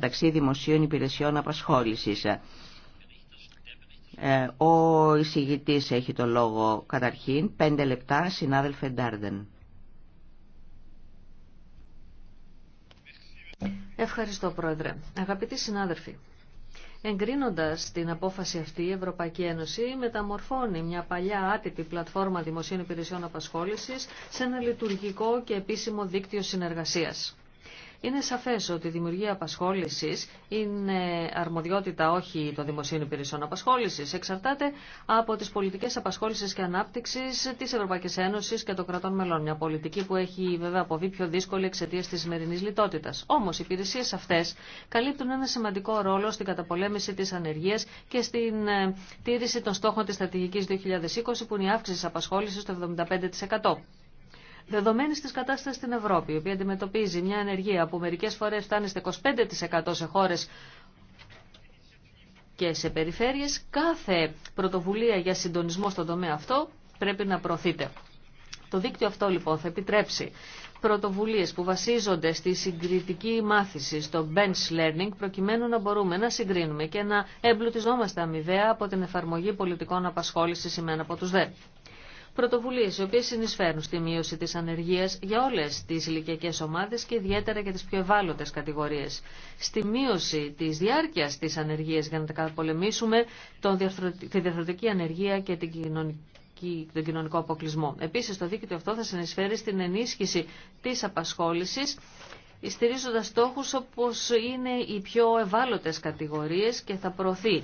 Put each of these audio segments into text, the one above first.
μεταξύ δημοσίων υπηρεσιών απασχόλησης. Ε, ο εισηγητής έχει το λόγο καταρχήν. Πέντε λεπτά, συνάδελφε Ντάρντεν. Ευχαριστώ, Πρόεδρε. Αγαπητοί συνάδελφοι, Εγκρίνοντας την απόφαση αυτή, η Ευρωπαϊκή Ένωση μεταμορφώνει μια παλιά άτυπη πλατφόρμα δημοσίων υπηρεσιών απασχόλησης σε ένα λειτουργικό και επίσημο δίκτυο συνεργασίας. Είναι σαφές ότι η δημιουργία απασχόλησης είναι αρμοδιότητα όχι των δημοσίων υπηρεσιών απασχόλησης. Εξαρτάται από τις πολιτικές απασχόλησης και ανάπτυξης της Ευρωπαϊκής Ένωσης και των κρατών μελών. Μια πολιτική που έχει βέβαια αποβεί πιο δύσκολη εξαιτία της σημερινή λιτότητας. Όμως οι υπηρεσίες αυτές καλύπτουν ένα σημαντικό ρόλο στην καταπολέμηση της ανεργίας και στην ε, τήρηση των στόχων της στρατηγικής 2020 που είναι η αύξηση της απασχόλησης στο 75%. Δεδομένη τη κατάσταση στην Ευρώπη, η οποία αντιμετωπίζει μια ανεργία που μερικέ φορέ φτάνει στο 25% σε χώρε και σε περιφέρειες, κάθε πρωτοβουλία για συντονισμό στον τομέα αυτό πρέπει να προωθείται. Το δίκτυο αυτό λοιπόν θα επιτρέψει πρωτοβουλίες που βασίζονται στη συγκριτική μάθηση, στο bench learning, προκειμένου να μπορούμε να συγκρίνουμε και να εμπλουτιζόμαστε αμοιβαία από την εφαρμογή πολιτικών απασχόλησης ημένα από τους ΔΕ. Πρωτοβουλίες οι οποίες συνεισφέρουν στη μείωση της ανεργίας για όλες τις ηλικιακέ ομάδες και ιδιαίτερα για τις πιο ευάλωτες κατηγορίες. Στη μείωση της διάρκειας της ανεργίας για να τα καταπολεμήσουμε τη διαφορετική ανεργία και την κοινωνική τον κοινωνικό αποκλεισμό. Επίσης, το δίκτυο αυτό θα συνεισφέρει στην ενίσχυση της απασχόλησης, στηρίζοντας στόχους όπως είναι οι πιο ευάλωτες κατηγορίες και θα προωθεί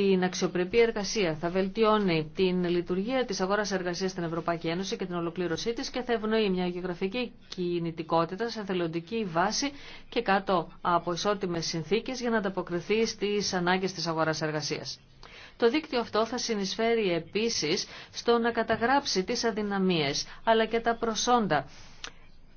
την αξιοπρεπή εργασία, θα βελτιώνει την λειτουργία της αγοράς εργασίας στην Ευρωπαϊκή Ένωση και την ολοκλήρωσή τη και θα ευνοεί μια γεωγραφική κινητικότητα σε θελοντική βάση και κάτω από ισότιμες συνθήκες για να ανταποκριθεί στις ανάγκες της αγοράς εργασίας. Το δίκτυο αυτό θα συνεισφέρει επίσης στο να καταγράψει τις αδυναμίες αλλά και τα προσόντα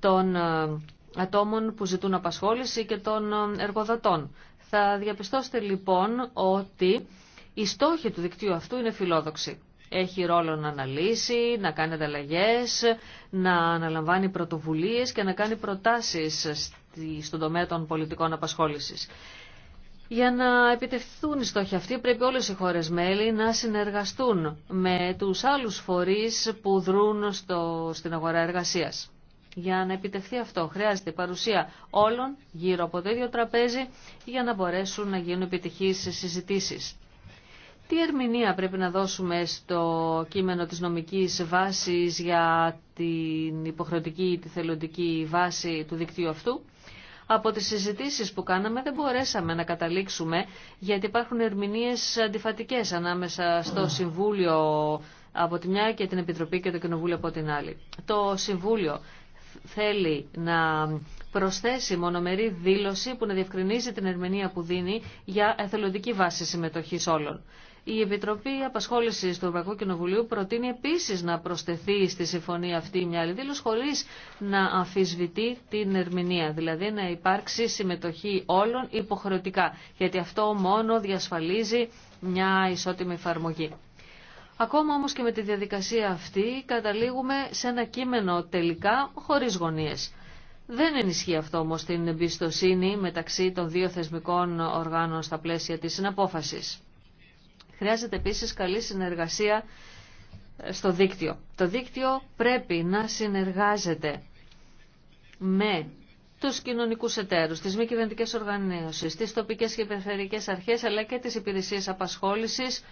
των ε, ατόμων που ζητούν απασχόληση και των ε, εργοδοτών. Θα διαπιστώσετε λοιπόν ότι οι στόχοι του δικτύου αυτού είναι φιλόδοξοι. Έχει ρόλο να αναλύσει, να κάνει ανταλλαγέ, να αναλαμβάνει πρωτοβουλίες και να κάνει προτάσεις στον τομέα των πολιτικών απασχόλησης. Για να επιτευχθούν οι στόχοι αυτοί πρέπει όλες οι χώρες μέλη να συνεργαστούν με τους άλλους φορείς που δρούν στο, στην αγορά εργασίας. Για να επιτευχθεί αυτό χρειάζεται η παρουσία όλων γύρω από το ίδιο τραπέζι για να μπορέσουν να γίνουν επιτυχείς συζητήσεις. Τι ερμηνεία πρέπει να δώσουμε στο κείμενο της νομικής βάσης για την υποχρεωτική ή τη θελοντική βάση του δικτύου αυτού. Από τις συζητήσεις που κάναμε δεν μπορέσαμε να καταλήξουμε γιατί υπάρχουν ερμηνείες αντιφατικές ανάμεσα στο Συμβούλιο από τη μια και την Επιτροπή και το Κοινοβούλιο από την άλλη. Το Συμβούλιο θέλει να προσθέσει μονομερή δήλωση που να διευκρινίζει την ερμηνεία που δίνει για εθελοντική βάση συμμετοχής όλων. Η Επιτροπή Απασχόληση του Ευρωπαϊκού Κοινοβουλίου προτείνει επίση να προσθεθεί στη συμφωνία αυτή μια άλλη δήλωση χωρί να αμφισβητεί την ερμηνεία. Δηλαδή να υπάρξει συμμετοχή όλων υποχρεωτικά. Γιατί αυτό μόνο διασφαλίζει μια ισότιμη εφαρμογή. Ακόμα ομω και με τη διαδικασία αυτή καταλήγουμε σε ένα κείμενο τελικά χωρί γωνίε. Δεν ενισχύει αυτό όμω την εμπιστοσύνη μεταξύ των δύο θεσμικών οργάνων στα πλαίσια τη συναπόφαση. Χρειάζεται επίσης καλή συνεργασία στο δίκτυο. Το δίκτυο πρέπει να συνεργάζεται με τους κοινωνικούς εταίρους, τις μη κυβερνητικέ οργανώσεις, τις τοπικές και περιφερειακές αρχές, αλλά και τις υπηρεσίες απασχόλησης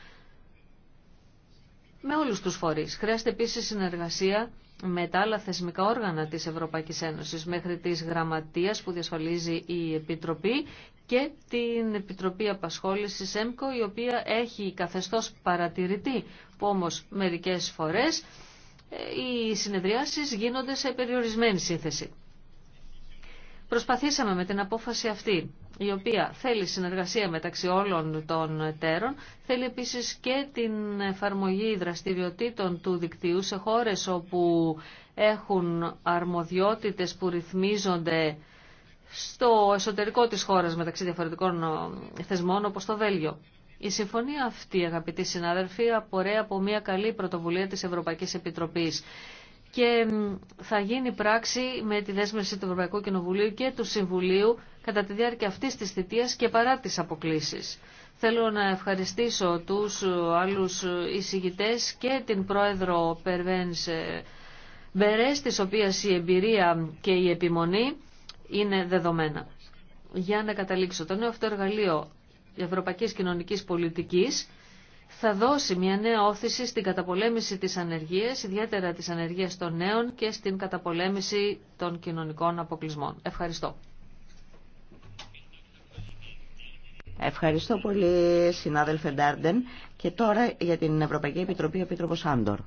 με όλους τους φορείς. Χρειάζεται επίσης συνεργασία με τα άλλα θεσμικά όργανα της Ευρωπαϊκής Ένωσης μέχρι της γραμματείας που διασφαλίζει η Επιτροπή και την Επιτροπή Απασχόλησης ΕΜΚΟ η οποία έχει καθεστώς παρατηρητή που όμως μερικές φορές ε, οι συνεδριάσεις γίνονται σε περιορισμένη σύνθεση. Προσπαθήσαμε με την απόφαση αυτή η οποία θέλει συνεργασία μεταξύ όλων των εταίρων, θέλει επίσης και την εφαρμογή δραστηριοτήτων του δικτύου σε χώρες όπου έχουν αρμοδιότητες που ρυθμίζονται στο εσωτερικό της χώρας μεταξύ διαφορετικών ε, θεσμών όπως το Βέλγιο. Η συμφωνία αυτή, αγαπητοί συνάδελφοι, απορρέει από μια καλή πρωτοβουλία της Ευρωπαϊκής Επιτροπής και θα γίνει πράξη με τη δέσμευση του Ευρωπαϊκού Κοινοβουλίου και του Συμβουλίου κατά τη διάρκεια αυτής της θητείας και παρά τις αποκλήσεις. Θέλω να ευχαριστήσω τους ε, άλλους ε, εισηγητές και την πρόεδρο Περβένς ε, Μπερές, της οποίας η εμπειρία και η επιμονή είναι δεδομένα. Για να καταλήξω, το νέο αυτό εργαλείο Ευρωπαϊκής Κοινωνικής Πολιτικής θα δώσει μια νέα όθηση στην καταπολέμηση της ανεργίας, ιδιαίτερα της ανεργίας των νέων και στην καταπολέμηση των κοινωνικών αποκλεισμών. Ευχαριστώ. Ευχαριστώ πολύ συνάδελφε Ντάρντεν και τώρα για την Ευρωπαϊκή Επιτροπή ο Επίτροπος Άντορ.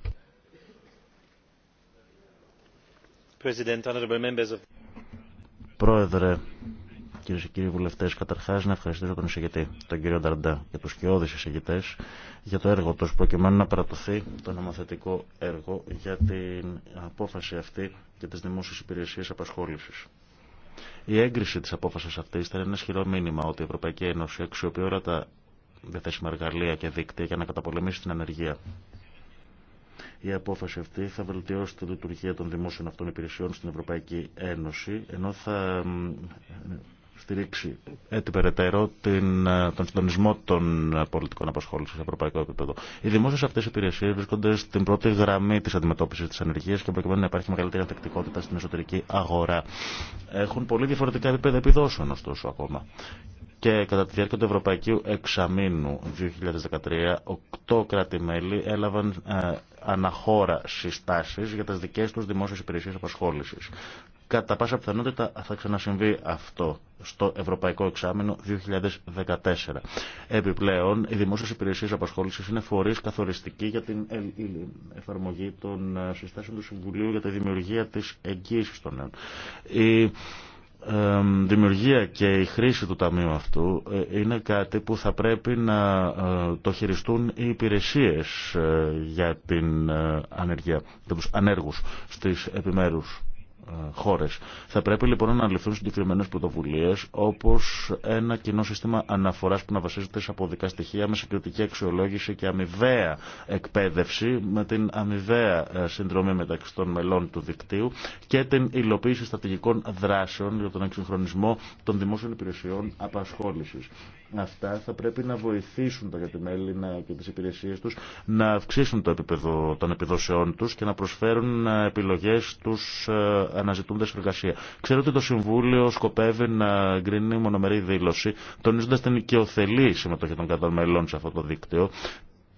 Πρόεδρε, Κυρίε και κύριοι βουλευτέ, καταρχά να ευχαριστήσω τον εισηγητή, τον κύριο Νταρντά και του σκιώδει εισηγητέ για το έργο του, προκειμένου να παρατωθεί το νομοθετικό έργο για την απόφαση αυτή για τι δημόσιε υπηρεσίε απασχόληση. Η έγκριση τη απόφαση αυτή ήταν ένα ισχυρό μήνυμα ότι η Ευρωπαϊκή Ένωση αξιοποιεί όλα τα διαθέσιμα εργαλεία και δίκτυα για να καταπολεμήσει την ανεργία. Η απόφαση αυτή θα βελτιώσει τη λειτουργία των δημόσιων αυτών υπηρεσιών στην Ευρωπαϊκή Ένωση, ενώ θα στηρίξει έτσι περαιτέρω ε, τον συντονισμό των ε, πολιτικών απασχόλησης σε ευρωπαϊκό επίπεδο. Οι δημόσιε αυτέ υπηρεσίε βρίσκονται στην πρώτη γραμμή τη αντιμετώπιση τη ανεργία και προκειμένου να υπάρχει μεγαλύτερη ανθεκτικότητα στην εσωτερική αγορά. Έχουν πολύ διαφορετικά επίπεδα επιδόσεων, ωστόσο, ακόμα και κατά τη διάρκεια του Ευρωπαϊκού Εξαμήνου 2013, οκτώ κράτη-μέλη έλαβαν ε, αναχώρα συστάσεις για τις δικές τους δημόσιες υπηρεσίες απασχόλησης. Κατά πάσα πιθανότητα θα ξανασυμβεί αυτό στο Ευρωπαϊκό Εξάμενο 2014. Επιπλέον, οι δημόσιες υπηρεσίες απασχόλησης είναι φορείς καθοριστική για την εφαρμογή των ε, συστάσεων του Συμβουλίου για τη δημιουργία της εγγύησης των νέων. Η δημιουργία και η χρήση του ταμείου αυτού ε, είναι κάτι που θα πρέπει να ε, το χειριστούν οι υπηρεσίες για την ανεργία, για τους ανέργους στις επιμέρους ε, θα πρέπει λοιπόν να αναλυθούν συγκεκριμένε πρωτοβουλίε όπω ένα κοινό σύστημα αναφορά που να βασίζεται σε αποδικά στοιχεία με συγκριτική αξιολόγηση και αμοιβαία εκπαίδευση με την αμοιβαία ε, συνδρομή μεταξύ των μελών του δικτύου και την υλοποίηση στρατηγικών δράσεων για τον εξυγχρονισμό των δημόσιων υπηρεσιών απασχόληση. Αυτά θα πρέπει να βοηθήσουν τα κατημέλη και τι υπηρεσίε του, να αυξήσουν το επίπεδο των επιδόσεών του και να προσφέρουν ε, επιλογέ του σε εργασία. Ξέρω ότι το Συμβούλιο σκοπεύει να γκρίνει μονομερή δήλωση, τονίζοντα την οικειοθελή συμμετοχή των κατών σε αυτό το δίκτυο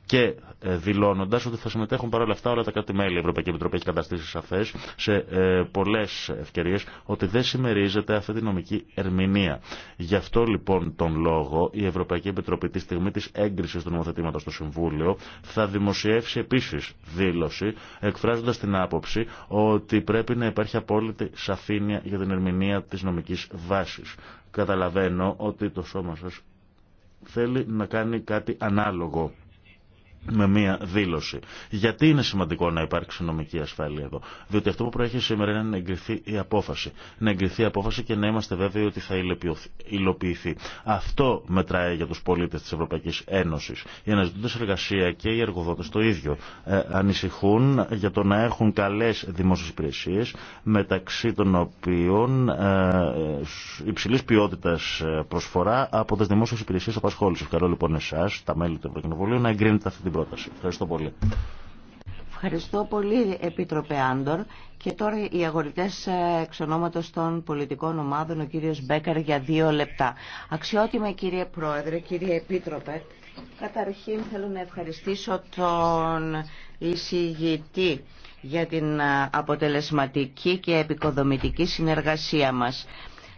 και ε, δηλώνοντα ότι θα συμμετέχουν παρόλα αυτά όλα τα κράτη-μέλη. Η Ευρωπαϊκή Επιτροπή έχει καταστήσει σαφέ σε ε, πολλέ ευκαιρίε ότι δεν συμμερίζεται αυτή τη νομική ερμηνεία. Γι' αυτό λοιπόν τον λόγο η Ευρωπαϊκή Επιτροπή τη στιγμή τη έγκριση του νομοθετήματο στο Συμβούλιο θα δημοσιεύσει επίση δήλωση εκφράζοντα την άποψη ότι πρέπει να υπάρχει απόλυτη σαφήνεια για την ερμηνεία τη νομική βάση. Καταλαβαίνω ότι το σώμα σα θέλει να κάνει κάτι ανάλογο με μία δήλωση. Γιατί είναι σημαντικό να υπάρξει νομική ασφάλεια εδώ. Διότι αυτό που προέχει σήμερα είναι να εγκριθεί η απόφαση. Να εγκριθεί η απόφαση και να είμαστε βέβαιοι ότι θα υλοποιηθεί. Αυτό μετράει για του πολίτε τη Ευρωπαϊκή Ένωση. Οι αναζητούντε εργασία και οι εργοδότε το ίδιο ε, ανησυχούν για το να έχουν καλέ δημόσιε υπηρεσίε μεταξύ των οποίων ε, υψηλή ποιότητα ε, προσφορά από τι δημόσιε υπηρεσίε απασχόληση. Καλώ λοιπόν εσά, τα μέλη του Ευρωκοινοβουλίου, να εγκρίνετε αυτή την πρόταση. Ευχαριστώ πολύ. Ευχαριστώ πολύ, Επίτροπε Άντορ. Και τώρα οι αγορητέ ε, εξ των πολιτικών ομάδων, ο κύριος Μπέκαρ για δύο λεπτά. Αξιότιμα κύριε Πρόεδρε, κύριε Επίτροπε, καταρχήν θέλω να ευχαριστήσω τον εισηγητή για την ε, αποτελεσματική και επικοδομητική συνεργασία μας.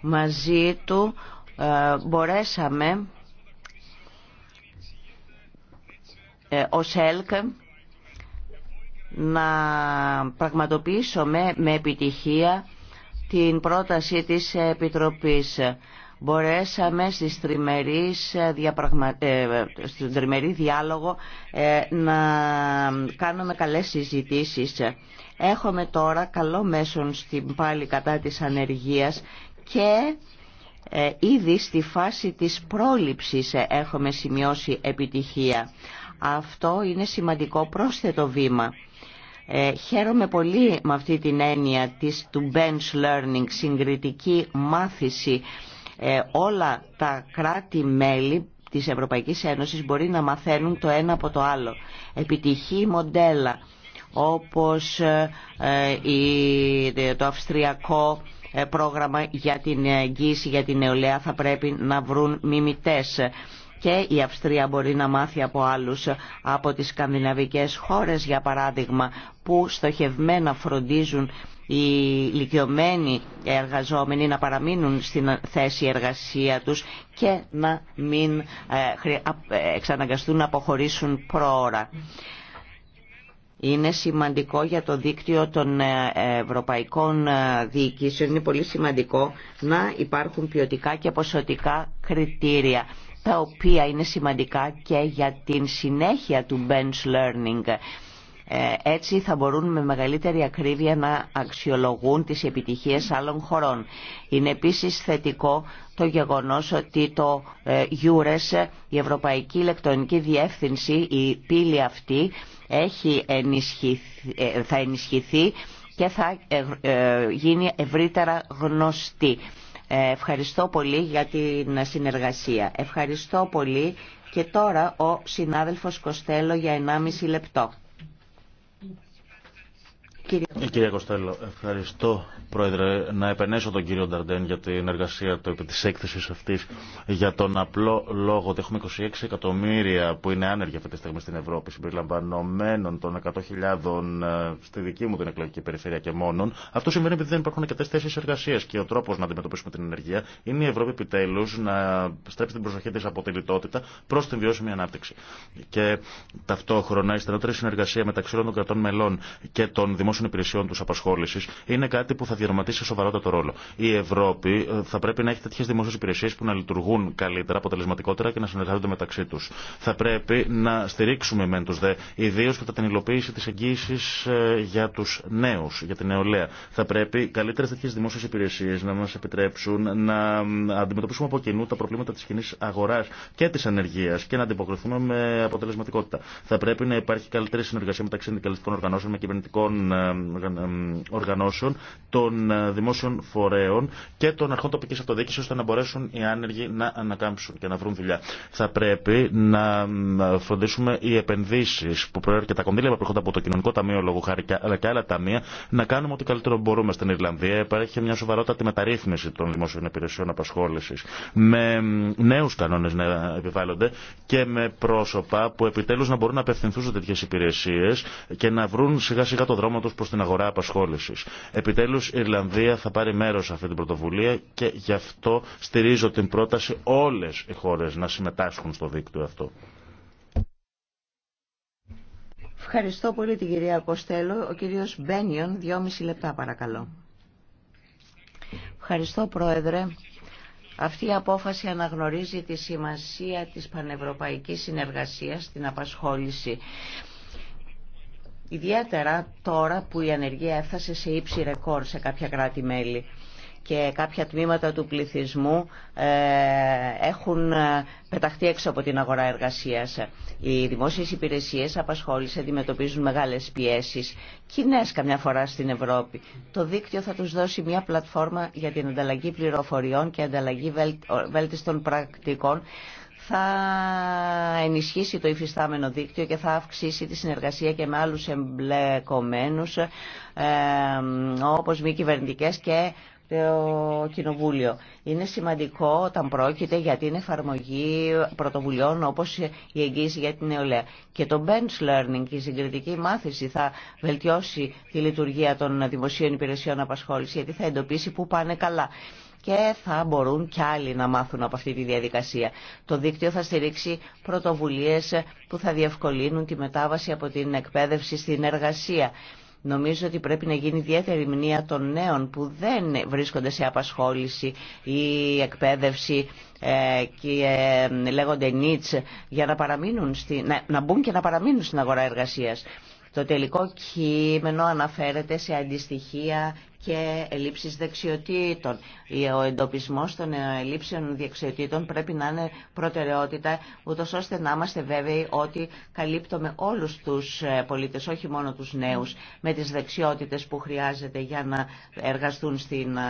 Μαζί του ε, μπορέσαμε Ε, ως ΕΛΚ να πραγματοποιήσουμε με επιτυχία την πρόταση της Επιτροπής. Μπορέσαμε στις τριμερείς, ε, ε, στον τριμερή διάλογο να κάνουμε καλές συζητήσεις. Έχουμε τώρα καλό μέσον στην πάλι κατά της ανεργίας και ήδη στη φάση της πρόληψης έχουμε σημειώσει επιτυχία. Αυτό είναι σημαντικό πρόσθετο βήμα. Ε, χαίρομαι πολύ με αυτή την έννοια της, του bench learning, συγκριτική μάθηση. Ε, όλα τα κράτη-μέλη της Ευρωπαϊκής Ένωσης μπορεί να μαθαίνουν το ένα από το άλλο. Επιτυχή μοντέλα όπως ε, ε, το αυστριακό πρόγραμμα για την εγγύηση για την νεολαία θα πρέπει να βρουν μιμητές και η Αυστρία μπορεί να μάθει από άλλους από τις σκανδιναβικές χώρες για παράδειγμα που στοχευμένα φροντίζουν οι ηλικιωμένοι εργαζόμενοι να παραμείνουν στην θέση εργασία τους και να μην ε, ε, εξαναγκαστούν να αποχωρήσουν πρόωρα. Είναι σημαντικό για το δίκτυο των ε, ευρωπαϊκών διοικήσεων, είναι πολύ σημαντικό να υπάρχουν ποιοτικά και ποσοτικά κριτήρια τα οποία είναι σημαντικά και για την συνέχεια του bench learning. Ε, έτσι θα μπορούν με μεγαλύτερη ακρίβεια να αξιολογούν τις επιτυχίες άλλων χωρών. Είναι επίσης θετικό το γεγονός ότι το ε, EURES, η Ευρωπαϊκή Ελεκτρονική Διεύθυνση, η πύλη αυτή έχει ε, θα ενισχυθεί και θα γίνει ευρύτερα γνωστή. Ε, ευχαριστώ πολύ για την συνεργασία. Ευχαριστώ πολύ και τώρα ο συνάδελφος Κοστέλο για 1,5 λεπτό. Κύριε, ε, κύριε Κοστέλο, ευχαριστώ Πρόεδρε να επενέσω τον κύριο Νταρντέν για την εργασία του επί της έκθεσης αυτής για τον απλό λόγο ότι έχουμε 26 εκατομμύρια που είναι άνεργοι αυτή τη στιγμή στην Ευρώπη συμπεριλαμβανομένων των 100.000 ε, στη δική μου την εκλογική περιφέρεια και μόνον. Αυτό σημαίνει επειδή δεν υπάρχουν αρκετέ θέσει εργασία και ο τρόπο να αντιμετωπίσουμε την ενεργεία είναι η Ευρώπη επιτέλου να στρέψει την προσοχή τη από τη λιτότητα προ την βιώσιμη ανάπτυξη. Και ταυτόχρονα η στενότερη συνεργασία μεταξύ των κρατών μελών και των δημόσιων δημόσιων υπηρεσιών του απασχόληση είναι κάτι που θα διαρματίσει σοβαρότατο ρόλο. Η Ευρώπη ε, θα πρέπει να έχει τέτοιε δημόσιε υπηρεσίε που να λειτουργούν καλύτερα, αποτελεσματικότερα και να συνεργάζονται μεταξύ του. Θα πρέπει να στηρίξουμε μεν του δε, ιδίω κατά την υλοποίηση τη εγγύηση ε, για του νέου, για την νεολαία. Θα πρέπει καλύτερε τέτοιε δημόσιε υπηρεσίε να μα επιτρέψουν να αντιμετωπίσουμε από κοινού τα προβλήματα τη κοινή αγορά και τη ανεργία και να αντιποκριθούμε με αποτελεσματικότητα. Θα πρέπει να υπάρχει καλύτερη συνεργασία μεταξύ συνδικαλιστικών οργανώσεων με κυβερνητικών ε, οργανώσεων, των ε, δημόσιων φορέων και των αρχών τοπική αυτοδιοίκηση ώστε να μπορέσουν οι άνεργοι να ανακάμψουν και να βρουν δουλειά. Θα πρέπει να φροντίσουμε οι επενδύσει που προέρχονται και τα κονδύλια που προέρχονται από το Κοινωνικό Ταμείο λόγω Χάρη αλλά και άλλα ταμεία να κάνουμε ό,τι καλύτερο μπορούμε στην Ιρλανδία. Υπάρχει μια σοβαρότατη μεταρρύθμιση των δημόσιων υπηρεσιών απασχόληση με νέου κανόνε να επιβάλλονται και με πρόσωπα που επιτέλου να μπορούν να απευθυνθούν σε τέτοιε υπηρεσίε και να βρουν σιγά σιγά το δρόμο του προ την αγορά απασχόληση. Επιτέλου, η Ιρλανδία θα πάρει μέρο σε αυτή την πρωτοβουλία και γι' αυτό στηρίζω την πρόταση όλε οι χώρε να συμμετάσχουν στο δίκτυο αυτό. Ευχαριστώ πολύ την κυρία Κοστέλο. Ο κύριος Μπένιον, δυόμιση λεπτά παρακαλώ. Ευχαριστώ Πρόεδρε. Αυτή η απόφαση αναγνωρίζει τη σημασία της πανευρωπαϊκής συνεργασίας στην απασχόληση. Ιδιαίτερα τώρα που η ανεργία έφτασε σε ύψη ρεκόρ σε κάποια κράτη-μέλη και κάποια τμήματα του πληθυσμού ε, έχουν ε, πεταχτεί έξω από την αγορά εργασίας. Οι δημόσιες υπηρεσίες απασχόληση αντιμετωπίζουν μεγάλες πιέσεις, κοινέ καμιά φορά στην Ευρώπη. Το δίκτυο θα τους δώσει μια πλατφόρμα για την ανταλλαγή πληροφοριών και ανταλλαγή βέλτιστων πρακτικών θα ενισχύσει το υφιστάμενο δίκτυο και θα αυξήσει τη συνεργασία και με άλλους εμπλεκομένους ε, όπως μη κυβερνητικέ και το Κοινοβούλιο. Είναι σημαντικό όταν πρόκειται για την εφαρμογή πρωτοβουλειών όπως η εγγύηση για την νεολαία. Και το bench learning, η συγκριτική μάθηση θα βελτιώσει τη λειτουργία των δημοσίων υπηρεσιών απασχόληση γιατί θα εντοπίσει πού πάνε καλά και θα μπορούν κι άλλοι να μάθουν από αυτή τη διαδικασία. Το δίκτυο θα στηρίξει πρωτοβουλίες που θα διευκολύνουν τη μετάβαση από την εκπαίδευση στην εργασία. Νομίζω ότι πρέπει να γίνει ιδιαίτερη μνήμα των νέων που δεν βρίσκονται σε απασχόληση ή εκπαίδευση ε, και ε, λέγονται νίτς για να, στη, να, μπουν και να παραμείνουν στην αγορά εργασίας. Το τελικό κείμενο αναφέρεται σε αντιστοιχεία και ελλείψεις δεξιοτήτων. Ο εντοπισμός των ε, ελλείψεων δεξιοτήτων πρέπει να είναι προτεραιότητα, ούτω ώστε να είμαστε βέβαιοι ότι καλύπτουμε όλους τους ε, πολίτες, όχι μόνο τους νέους, με τις δεξιότητες που χρειάζεται για να εργαστούν στην ε,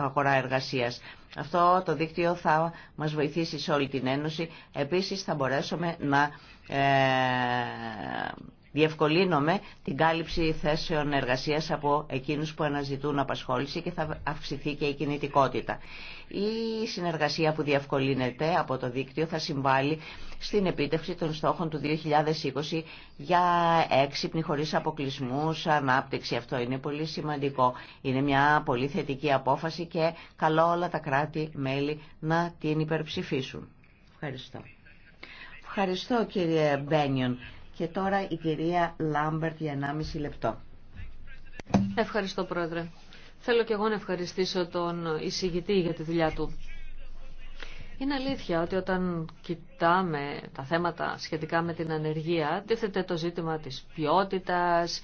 αγορά εργασίας. Αυτό το δίκτυο θα μας βοηθήσει σε όλη την Ένωση. Επίσης θα μπορέσουμε να διευκολύνουμε την κάλυψη θέσεων εργασίας από εκείνους που αναζητούν απασχόληση και θα αυξηθεί και η κινητικότητα. Η συνεργασία που διευκολύνεται από το δίκτυο θα συμβάλλει στην επίτευξη των στόχων του 2020 για έξυπνη χωρίς αποκλεισμούς ανάπτυξη. Αυτό είναι πολύ σημαντικό. Είναι μια πολύ θετική απόφαση και καλό όλα τα κράτη-μέλη να την υπερψηφίσουν. Ευχαριστώ. Ευχαριστώ κύριε Μπένιον. Και τώρα η κυρία Λάμπερτ για 1,5 λεπτό. Ευχαριστώ Πρόεδρε. Θέλω και εγώ να ευχαριστήσω τον εισηγητή για τη δουλειά του. Είναι αλήθεια ότι όταν κοιτάμε τα θέματα σχετικά με την ανεργία, τίθεται το ζήτημα της ποιότητας,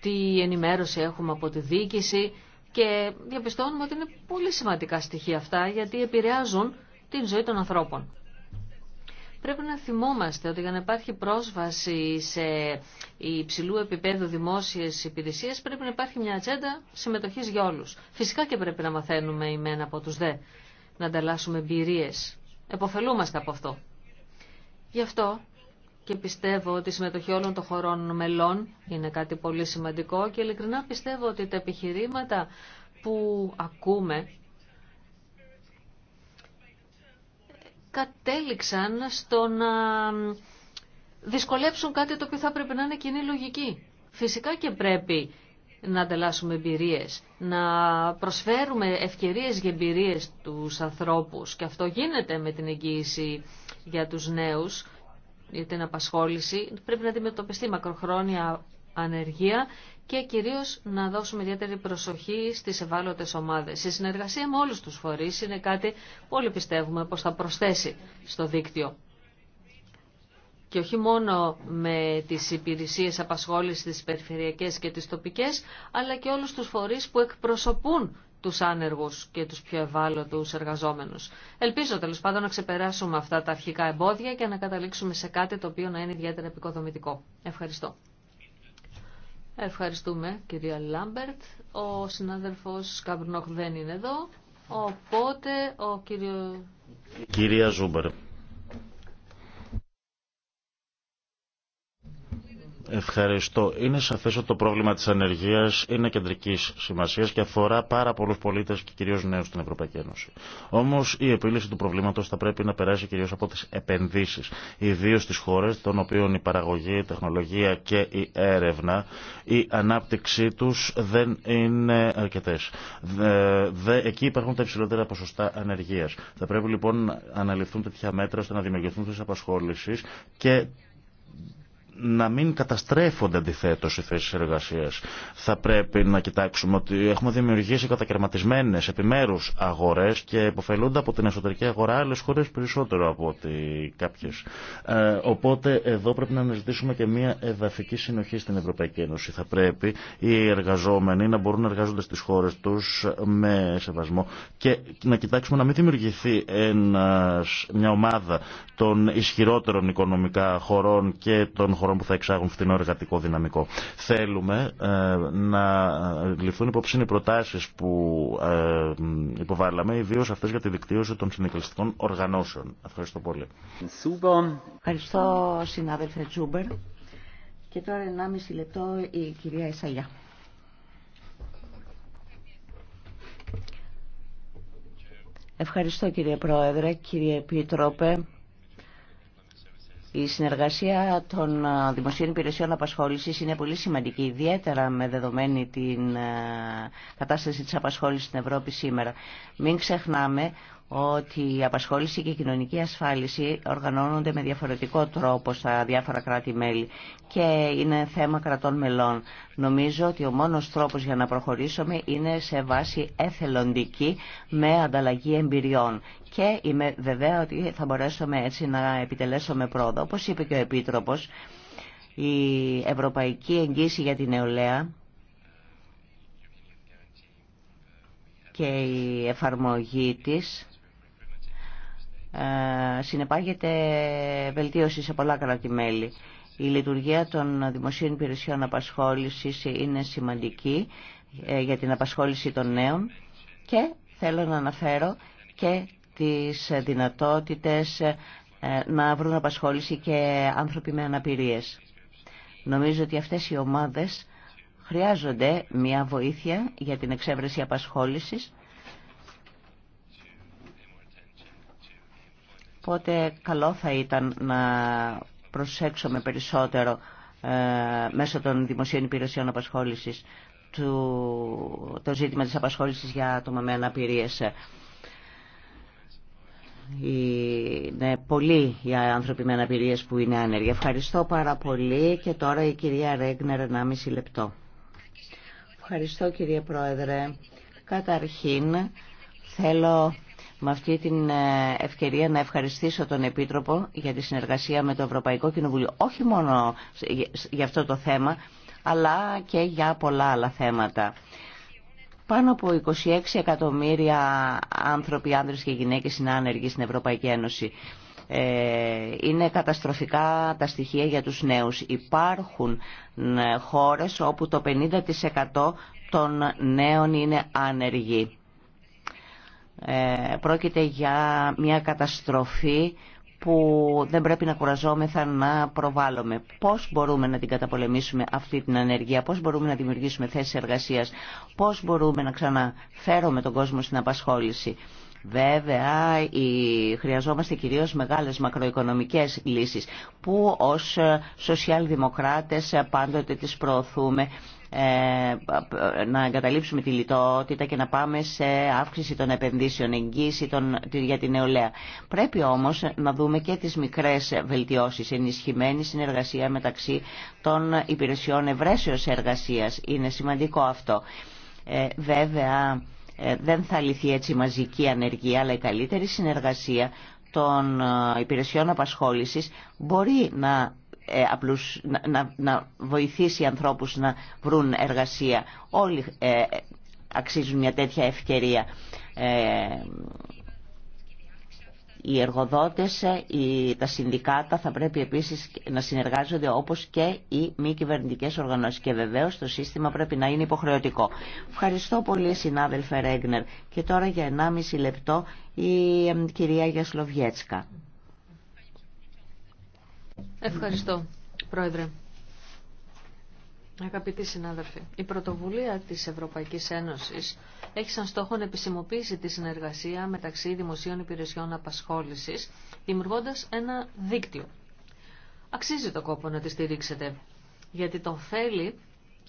τι ενημέρωση έχουμε από τη διοίκηση και διαπιστώνουμε ότι είναι πολύ σημαντικά στοιχεία αυτά γιατί επηρεάζουν την ζωή των ανθρώπων. Πρέπει να θυμόμαστε ότι για να υπάρχει πρόσβαση σε υψηλού επίπεδου δημόσιε υπηρεσίες πρέπει να υπάρχει μια ατζέντα συμμετοχή για όλου. Φυσικά και πρέπει να μαθαίνουμε μένα από του δε, να ανταλλάσσουμε εμπειρίε. Εποφελούμαστε από αυτό. Γι' αυτό και πιστεύω ότι η συμμετοχή όλων των χωρών μελών είναι κάτι πολύ σημαντικό και ειλικρινά πιστεύω ότι τα επιχειρήματα που ακούμε κατέληξαν στο να δυσκολέψουν κάτι το οποίο θα πρέπει να είναι κοινή λογική. Φυσικά και πρέπει να ανταλλάσσουμε εμπειρίε, να προσφέρουμε ευκαιρίες για εμπειρίε τους ανθρώπους και αυτό γίνεται με την εγγύηση για τους νέους, για την απασχόληση. Πρέπει να αντιμετωπιστεί μακροχρόνια ανεργία και κυρίως να δώσουμε ιδιαίτερη προσοχή στις ευάλωτες ομάδες. Η συνεργασία με όλους τους φορείς είναι κάτι που όλοι πιστεύουμε πως θα προσθέσει στο δίκτυο. Και όχι μόνο με τις υπηρεσίες απασχόλησης τις περιφερειακές και τις τοπικές, αλλά και όλους τους φορείς που εκπροσωπούν τους άνεργους και τους πιο ευάλωτους εργαζόμενους. Ελπίζω τέλος πάντων να ξεπεράσουμε αυτά τα αρχικά εμπόδια και να καταλήξουμε σε κάτι το οποίο να είναι ιδιαίτερα επικοδομητικό. Ευχαριστώ. Ευχαριστούμε κυρία Λάμπερτ. Ο συνάδελφος Καμπρνόχ δεν είναι εδώ, οπότε ο κύριο... Κυρία Ζούμπερ. Ευχαριστώ. Είναι σαφέ ότι το πρόβλημα τη ανεργία είναι κεντρική σημασία και αφορά πάρα πολλού πολίτε και κυρίω νέου στην Ευρωπαϊκή Ένωση. Όμω η επίλυση του προβλήματο θα πρέπει να περάσει κυρίω από τι επενδύσει, ιδίω στι χώρε των οποίων η παραγωγή, η τεχνολογία και η έρευνα, η ανάπτυξή του δεν είναι αρκετέ. Εκεί υπάρχουν τα υψηλότερα ποσοστά ανεργία. Θα πρέπει λοιπόν να αναλυθούν τέτοια μέτρα ώστε να δημιουργηθούν θέσει απασχόληση και να μην καταστρέφονται αντιθέτω οι θέσει εργασία. Θα πρέπει να κοιτάξουμε ότι έχουμε δημιουργήσει κατακαιρματισμένε επιμέρου αγορέ και υποφελούνται από την εσωτερική αγορά άλλε χώρε περισσότερο από ότι κάποιε. Ε, οπότε εδώ πρέπει να αναζητήσουμε και μια εδαφική συνοχή στην Ευρωπαϊκή Ένωση. Θα πρέπει οι εργαζόμενοι να μπορούν να εργάζονται στι χώρε του με σεβασμό και να κοιτάξουμε να μην δημιουργηθεί ένας, μια ομάδα των ισχυρότερων οικονομικά χωρών και των χωρών που θα εξάγουν φθηνό εργατικό δυναμικό. Θέλουμε ε, να ληφθούν υπόψη οι προτάσει που ε, υποβάλαμε, ιδίω αυτέ για τη δικτύωση των συνεκλειστικών οργανώσεων. Ευχαριστώ πολύ. Ευχαριστώ συνάδελφε Τζούμπερ. Και τώρα 1,5 λεπτό η κυρία Ισαγιά. Ευχαριστώ κύριε Πρόεδρε, κύριε Επίτροπε. Η συνεργασία των δημοσίων υπηρεσιών απασχόλησης είναι πολύ σημαντική, ιδιαίτερα με δεδομένη την κατάσταση της απασχόλησης στην Ευρώπη σήμερα. Μην ξεχνάμε ότι η απασχόληση και η κοινωνική ασφάλιση οργανώνονται με διαφορετικό τρόπο στα διάφορα κράτη-μέλη και είναι θέμα κρατών μελών. Νομίζω ότι ο μόνος τρόπος για να προχωρήσουμε είναι σε βάση εθελοντική με ανταλλαγή εμπειριών και είμαι βεβαία ότι θα μπορέσουμε έτσι να επιτελέσουμε πρόοδο. Όπως είπε και ο Επίτροπος, η Ευρωπαϊκή Εγγύηση για την Νεολαία και η εφαρμογή της ε, συνεπάγεται βελτίωση σε πολλά κράτη-μέλη. Η λειτουργία των δημοσίων υπηρεσιών απασχόλησης είναι σημαντική ε, για την απασχόληση των νέων και θέλω να αναφέρω και τις δυνατότητες ε, να βρουν απασχόληση και άνθρωποι με αναπηρίες. Νομίζω ότι αυτές οι ομάδες χρειάζονται μια βοήθεια για την εξέβρεση απασχόλησης Οπότε καλό θα ήταν να προσέξουμε περισσότερο ε, μέσω των δημοσίων υπηρεσιών απασχόλησης το ζήτημα της απασχόλησης για άτομα με αναπηρίες. Είναι πολλοί οι άνθρωποι με αναπηρίες που είναι άνεργοι. Ευχαριστώ πάρα πολύ και τώρα η κυρία Ρέγνερ 1,5 λεπτό. Ευχαριστώ κύριε Πρόεδρε. Καταρχήν θέλω με αυτή την ε, ευκαιρία να ευχαριστήσω τον Επίτροπο για τη συνεργασία με το Ευρωπαϊκό Κοινοβούλιο. Όχι μόνο για αυτό το θέμα, αλλά και για πολλά άλλα θέματα. Πάνω από 26 εκατομμύρια άνθρωποι, άνδρες και γυναίκες είναι άνεργοι στην Ευρωπαϊκή Ένωση. Ε, είναι καταστροφικά τα στοιχεία για τους νέους. Υπάρχουν ε, χώρες όπου το 50% των νέων είναι άνεργοι. Ε, πρόκειται για μια καταστροφή που δεν πρέπει να κουραζόμεθα να προβάλλουμε. Πώς μπορούμε να την καταπολεμήσουμε αυτή την ανεργία, πώς μπορούμε να δημιουργήσουμε θέσεις εργασίας, πώς μπορούμε να ξαναφέρουμε τον κόσμο στην απασχόληση. Βέβαια, η... χρειαζόμαστε κυρίως μεγάλες μακροοικονομικές λύσεις που ως σοσιαλδημοκράτες πάντοτε τις προωθούμε ε, να εγκαταλείψουμε τη λιτότητα και να πάμε σε αύξηση των επενδύσεων, εγγύηση των, για την νεολαία. Πρέπει όμως να δούμε και τις μικρές βελτιώσεις, ενισχυμένη συνεργασία μεταξύ των υπηρεσιών ευρέσεως εργασίας. Είναι σημαντικό αυτό. Ε, βέβαια, ε, δεν θα λυθεί έτσι η μαζική ανεργία, αλλά η καλύτερη συνεργασία των ε, υπηρεσιών απασχόλησης μπορεί να ε, απλούς, να, να, να βοηθήσει ανθρώπους να βρουν εργασία. Όλοι ε, αξίζουν μια τέτοια ευκαιρία. Ε, οι εργοδότες, οι, τα συνδικάτα θα πρέπει επίσης να συνεργάζονται όπως και οι μη κυβερνητικέ οργανώσεις. Και βεβαίως το σύστημα πρέπει να είναι υποχρεωτικό. Ευχαριστώ πολύ συνάδελφε Ρέγνερ. Και τώρα για 1,5 λεπτό η κυρία Γιασλοβιέτσκα. Ευχαριστώ, Πρόεδρε. Αγαπητοί συνάδελφοι, η πρωτοβουλία της Ευρωπαϊκής Ένωσης έχει σαν στόχο να επισημοποιήσει τη συνεργασία μεταξύ δημοσίων υπηρεσιών απασχόλησης, δημιουργώντας ένα δίκτυο. Αξίζει το κόπο να τη στηρίξετε, γιατί το θέλει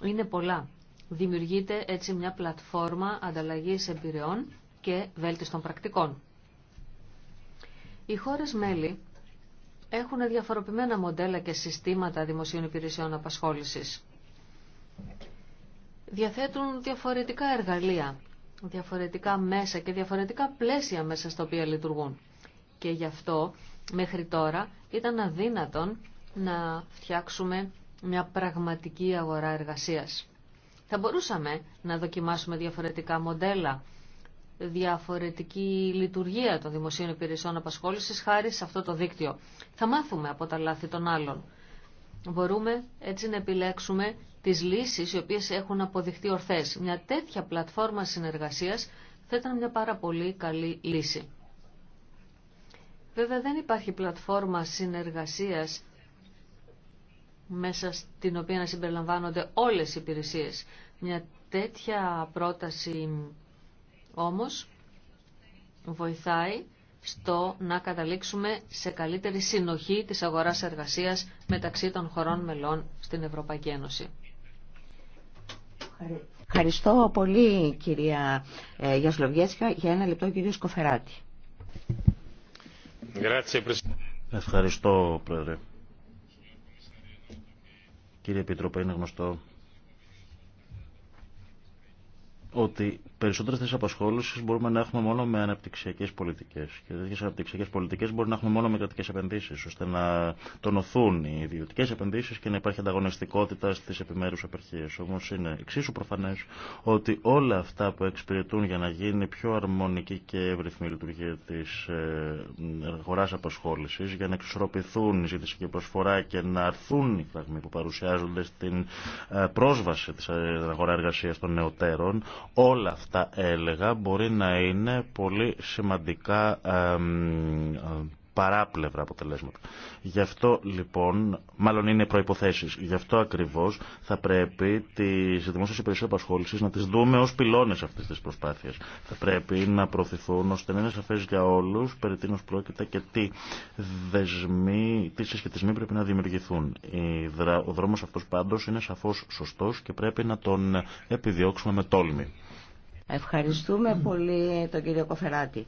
είναι πολλά. Δημιουργείται έτσι μια πλατφόρμα ανταλλαγής εμπειριών και βέλτιστων πρακτικών. Οι χώρες μέλη έχουν διαφοροποιημένα μοντέλα και συστήματα δημοσίων υπηρεσιών απασχόλησης. Διαθέτουν διαφορετικά εργαλεία, διαφορετικά μέσα και διαφορετικά πλαίσια μέσα στα οποία λειτουργούν. Και γι' αυτό μέχρι τώρα ήταν αδύνατον να φτιάξουμε μια πραγματική αγορά εργασίας. Θα μπορούσαμε να δοκιμάσουμε διαφορετικά μοντέλα διαφορετική λειτουργία των δημοσίων υπηρεσιών απασχόλησης χάρη σε αυτό το δίκτυο. Θα μάθουμε από τα λάθη των άλλων. Μπορούμε έτσι να επιλέξουμε τις λύσεις οι οποίες έχουν αποδειχθεί ορθές. Μια τέτοια πλατφόρμα συνεργασίας θα ήταν μια πάρα πολύ καλή λύση. Βέβαια δεν υπάρχει πλατφόρμα συνεργασίας μέσα στην οποία να συμπεριλαμβάνονται όλες οι υπηρεσίες. Μια τέτοια πρόταση όμως βοηθάει στο να καταλήξουμε σε καλύτερη συνοχή της αγοράς εργασίας μεταξύ των χωρών μελών στην Ευρωπαϊκή Ένωση. Ευχαριστώ πολύ κυρία ε, Γιασλοβιέσκα. Για ένα λεπτό κύριο Σκοφεράτη. Ευχαριστώ πρόεδρε. Κύριε Επίτροπε, είναι γνωστό ότι περισσότερε θέσει απασχόληση μπορούμε να έχουμε μόνο με αναπτυξιακέ πολιτικέ. Και τέτοιε αναπτυξιακέ πολιτικέ μπορούμε να έχουμε μόνο με κρατικέ επενδύσει, ώστε να τονωθούν οι ιδιωτικέ επενδύσει και να υπάρχει ανταγωνιστικότητα στι επιμέρου απερχίε. Όμω είναι εξίσου προφανέ ότι όλα αυτά που εξυπηρετούν για να γίνει πιο αρμονική και εύρυθμη λειτουργία τη ε, αγορά απασχόληση, για να εξισορροπηθούν η ζήτηση και η προσφορά και να αρθούν οι φραγμοί που παρουσιάζονται στην ε, πρόσβαση τη ε, αγορά εργασία των νεωτέρων, όλα αυτά τα έλεγα μπορεί να είναι πολύ σημαντικά παράπλευρα αποτελέσματα. Γι' αυτό λοιπόν, μάλλον είναι προποθέσει. Γι' αυτό ακριβώ θα πρέπει τι δημόσιε υπηρεσίε απασχόληση να τι δούμε ω πυλώνε αυτή της προσπάθειας. Θα πρέπει να προωθηθούν ώστε να είναι σαφέ για όλου περί τίνο πρόκειται και τι δεσμοί, τι συσχετισμοί πρέπει να δημιουργηθούν. Ο δρόμο αυτό πάντω είναι σαφώ σωστό και πρέπει να τον επιδιώξουμε με τόλμη. Ευχαριστούμε πολύ τον κύριο Κοφεράτη.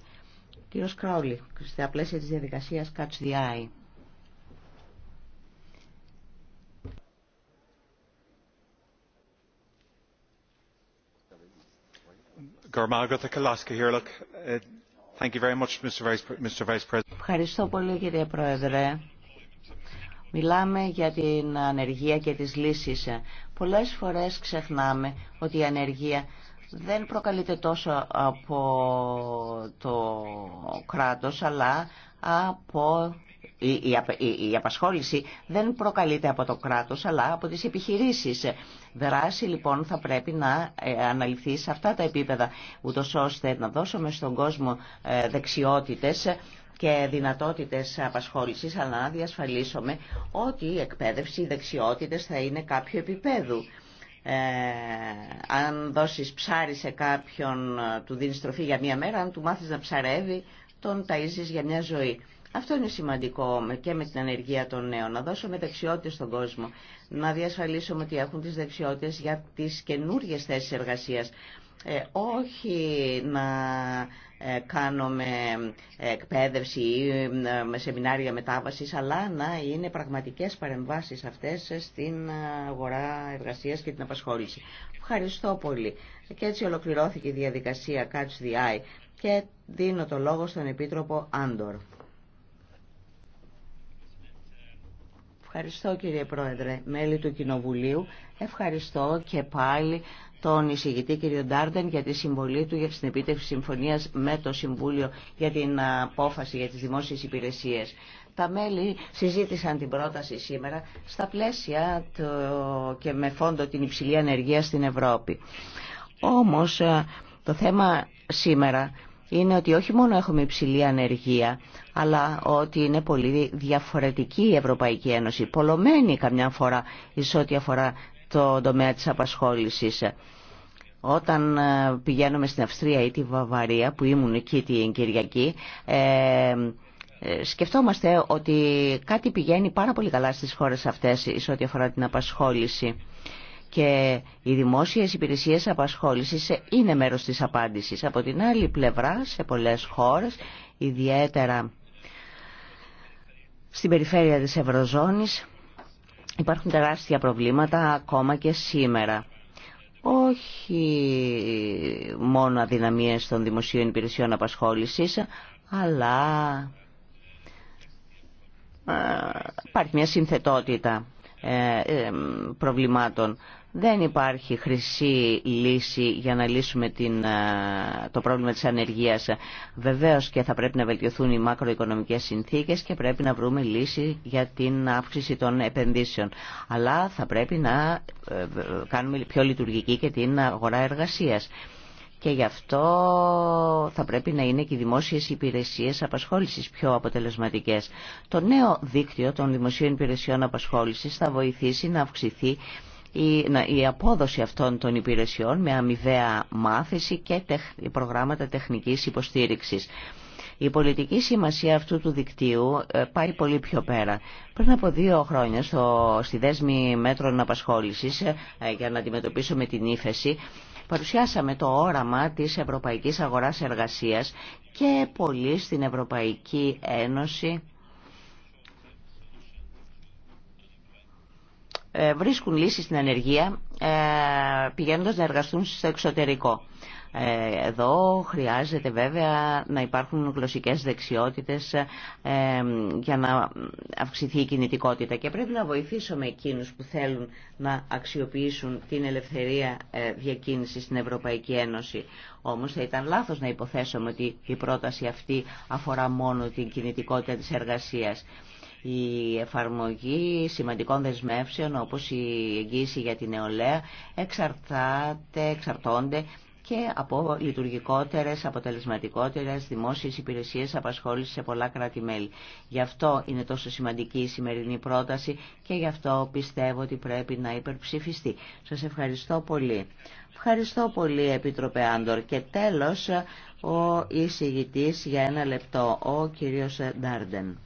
Κύριο Κράουλη, στα πλαίσια της διαδικασίας Catch the Eye. Uh, Ευχαριστώ πολύ κύριε Πρόεδρε. Μιλάμε για την ανεργία και τις λύσεις. Πολλές φορές ξεχνάμε ότι η ανεργία δεν προκαλείται τόσο από το κράτος, αλλά από η, απασχόληση δεν προκαλείται από το κράτος, αλλά από τις επιχειρήσεις. Δράση λοιπόν θα πρέπει να ε, αναλυθεί σε αυτά τα επίπεδα, ούτω ώστε να δώσουμε στον κόσμο ε, δεξιότητες και δυνατότητες απασχόλησης, αλλά να διασφαλίσουμε ότι η εκπαίδευση, οι δεξιότητες θα είναι κάποιο επίπεδου. Ε, αν δώσεις ψάρι σε κάποιον, ε, του δίνεις τροφή για μία μέρα, αν του μάθεις να ψαρεύει, τον ταΐζεις για μια ζωή. Αυτό είναι σημαντικό και με την ανεργία των νέων, να δώσουμε δεξιότητες στον κόσμο, να διασφαλίσουμε ότι έχουν τις δεξιότητες για τις καινούργιες θέσεις εργασίας. Ε, όχι να ε, κάνουμε ε, εκπαίδευση ή ε, σεμινάρια μετάβασης, αλλά να είναι πραγματικές παρεμβάσεις αυτές στην αγορά εργασίας και την απασχόληση. Ευχαριστώ πολύ. Και έτσι ολοκληρώθηκε η διαδικασία Catch the Eye και δίνω το λόγο στον Επίτροπο Άντορ. Ευχαριστώ κύριε Πρόεδρε, μέλη του Κοινοβουλίου. Ευχαριστώ και πάλι τον εισηγητή κ. Ντάρντεν για τη συμβολή του για την επίτευξη συμφωνίας με το Συμβούλιο για την απόφαση για τις δημόσιες υπηρεσίες. Τα μέλη συζήτησαν την πρόταση σήμερα στα πλαίσια και με φόντο την υψηλή ανεργία στην Ευρώπη. Όμως ε, το θέμα σήμερα είναι ότι όχι μόνο έχουμε υψηλή ανεργία, αλλά ότι είναι πολύ διαφορετική η Ευρωπαϊκή Ένωση, πολλωμένη καμιά φορά εις ό,τι αφορά το τομέα της απασχόλησης. Όταν ε, πηγαίνουμε στην Αυστρία ή τη Βαβαρία, που ήμουν εκεί την Κυριακή, ε, ε, σκεφτόμαστε ότι κάτι πηγαίνει πάρα πολύ καλά στις χώρες αυτές σε ό,τι αφορά την απασχόληση. Και οι δημόσιες υπηρεσίες απασχόλησης είναι μέρος της απάντησης. Από την άλλη πλευρά, σε πολλές χώρες, ιδιαίτερα στην περιφέρεια της Ευρωζώνης, Υπάρχουν τεράστια προβλήματα ακόμα και σήμερα. Όχι μόνο αδυναμίες των δημοσίων υπηρεσιών απασχόλησης, αλλά ε, υπάρχει μια συνθετότητα ε, ε, προβλημάτων. Δεν υπάρχει χρυσή λύση για να λύσουμε την, ε, το πρόβλημα της ανεργίας. Βεβαίως και θα πρέπει να βελτιωθούν οι μακροοικονομικές συνθήκες και πρέπει να βρούμε λύση για την αύξηση των επενδύσεων. Αλλά θα πρέπει να ε, κάνουμε πιο λειτουργική και την αγορά εργασίας. Και γι' αυτό θα πρέπει να είναι και οι δημόσιες υπηρεσίες απασχόλησης πιο αποτελεσματικές. Το νέο δίκτυο των δημοσίων υπηρεσιών απασχόλησης θα βοηθήσει να αυξηθεί η, η απόδοση αυτών των υπηρεσιών με αμοιβαία μάθηση και τεχ, προγράμματα τεχνικής υποστήριξης. Η πολιτική σημασία αυτού του δικτύου ε, πάει πολύ πιο πέρα. Πριν από δύο χρόνια στο, στη δέσμη μέτρων απασχόλησης ε, ε, για να αντιμετωπίσουμε την ύφεση παρουσιάσαμε το όραμα της Ευρωπαϊκής Αγοράς Εργασίας και πολύ στην Ευρωπαϊκή Ένωση Ε, βρίσκουν λύσεις στην ανεργία ε, πηγαίνοντας να εργαστούν στο εξωτερικό. Ε, εδώ χρειάζεται βέβαια να υπάρχουν γλωσσικές δεξιότητες για να αυξηθεί η κινητικότητα και πρέπει να βοηθήσουμε εκείνους που θέλουν να αξιοποιήσουν την ελευθερία διακίνησης στην Ευρωπαϊκή Ένωση. Όμως θα ήταν λάθος να υποθέσουμε ότι η πρόταση αυτή αφορά μόνο την κινητικότητα της εργασίας η εφαρμογή σημαντικών δεσμεύσεων όπως η εγγύηση για την νεολαία εξαρτάται, εξαρτώνται και από λειτουργικότερες, αποτελεσματικότερες δημόσιες υπηρεσίες απασχόληση σε πολλά κράτη-μέλη. Γι' αυτό είναι τόσο σημαντική η σημερινή πρόταση και γι' αυτό πιστεύω ότι πρέπει να υπερψηφιστεί. Σας ευχαριστώ πολύ. Ευχαριστώ πολύ, Επίτροπε Άντορ. Και τέλος, ο εισηγητής για ένα λεπτό, ο κύριος Ντάρντεν.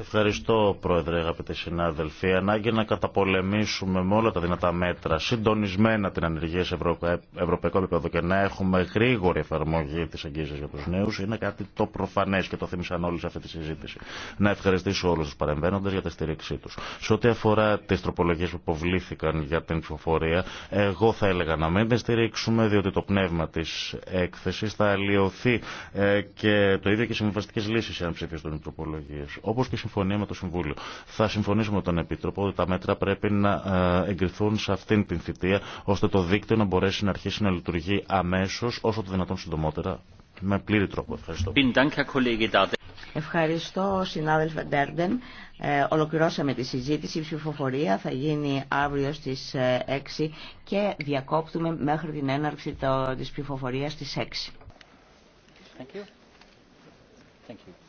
Ευχαριστώ, Πρόεδρε, αγαπητοί συνάδελφοι. Η ανάγκη να καταπολεμήσουμε με όλα τα δυνατά μέτρα συντονισμένα την ανεργία σε ευρωπαϊκό επίπεδο και να έχουμε γρήγορη εφαρμογή τη εγγύηση για του νέου είναι κάτι το προφανέ και το θύμισαν όλοι σε αυτή τη συζήτηση. Να ευχαριστήσω όλου του παρεμβαίνοντε για τη στήριξή του. Σε ό,τι αφορά τι τροπολογίε που υποβλήθηκαν για την ψηφοφορία, εγώ θα έλεγα να μην τι στηρίξουμε, διότι το πνεύμα τη έκθεση θα αλλοιωθεί ε, και το ίδιο και συμβαστικέ λύσει αν ψηφίσουν οι τροπολογίε συμφωνία με το Συμβούλιο. Θα συμφωνήσουμε με τον Επίτροπο ότι τα μέτρα πρέπει να ε, εγκριθούν σε αυτήν την θητεία, ώστε το δίκτυο να μπορέσει να αρχίσει να λειτουργεί αμέσω, όσο το δυνατόν συντομότερα, με πλήρη τρόπο. Ευχαριστώ. Ευχαριστώ, συνάδελφε Ντέρντεν. Ε, ολοκληρώσαμε τη συζήτηση. Η ψηφοφορία θα γίνει αύριο στι 6 ε, και διακόπτουμε μέχρι την έναρξη τη ψηφοφορία ψηφοφορίας στις 6. Thank you. Thank you.